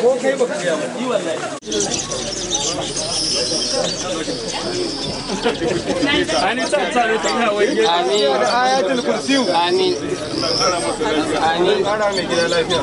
ko kai baka gaya ba wallahi ani ta ta ne ta ina wai ayatul kursiyu mai gida lafiya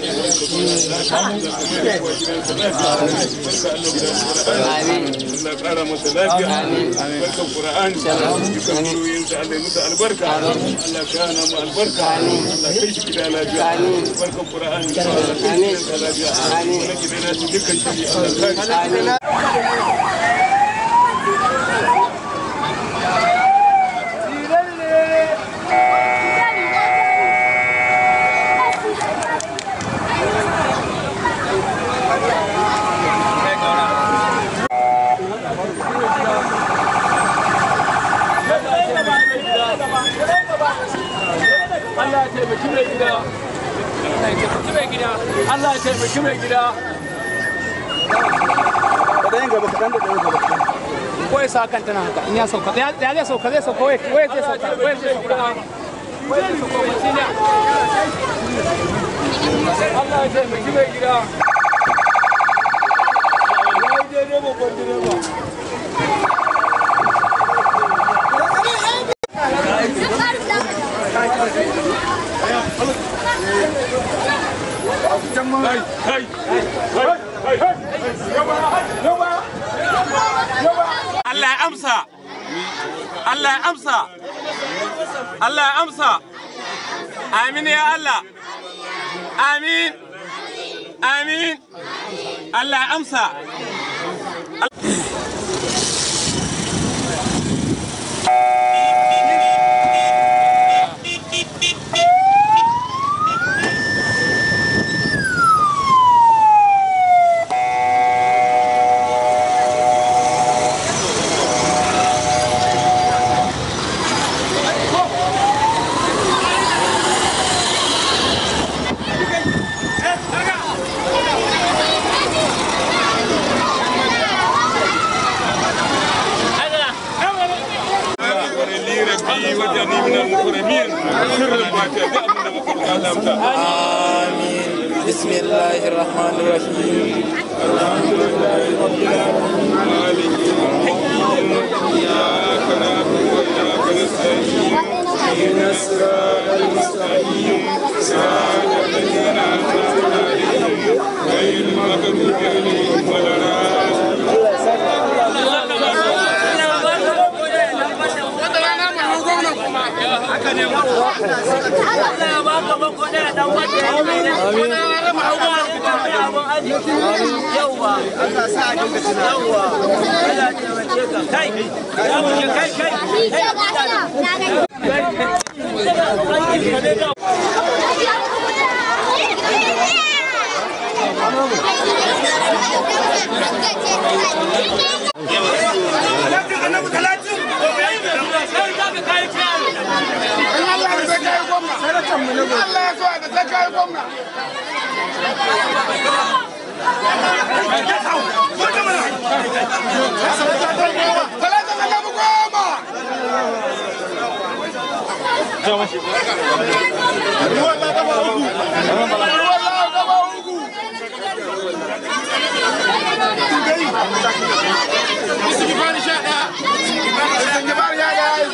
Allah kara masa lafiya albarkan Qur'ani dukan ruwayin da Allah musu albarka Allah kana mu albarka Allah kai shi gida lafiya albarkan Qur'ani Allah kai shi gida lafiya amin Allah gida na dukan shi Allah kare Allah ya taimaki mai gida. Allah ya taimaki mai gida. Allah ya taimaki mai gida. kadan. Ko ya sa kan tana haka in ya sauka. Ya zai sauka zai sauka wai wai zai sauka wai zai sauka. Wai zai sauka wai sai Allah ya taimaki mai gida. أمسى الله أمسى الله أمسى آمين يا الله آمين آمين الله أمسى الله يجعلني من المكرمين سر الفاتحه آمين بسم الله الرحمن الرحيم الحمد لله رب العالمين إياك نعبد وإياك نستعين اهدنا الصراط المستقيم صراط الذين أنعمت عليهم غير المغضوب haka ma Allah ya baka ba ko da dan da yawa Allah sa a dinga tunawa Allah kai kai kai kai ta kai gwamna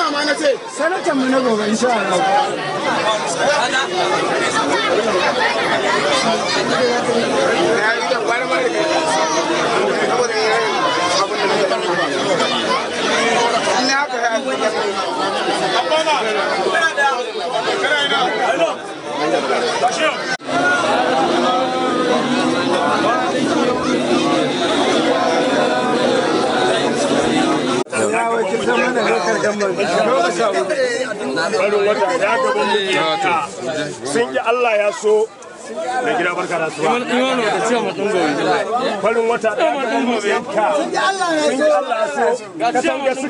gwamna ma na ce sanatan mu na gobe insha Allah Bashir na wace zama na lokar gamban sun yi Allah ya so gida barka da suwa wata da ka sun yi Allah so ka san ga sai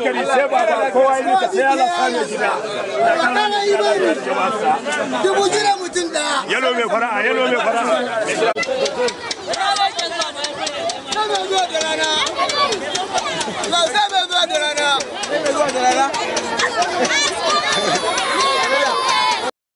kowa ka sai Allah gida kana yi dubu yalo mai yalo mai 过来了。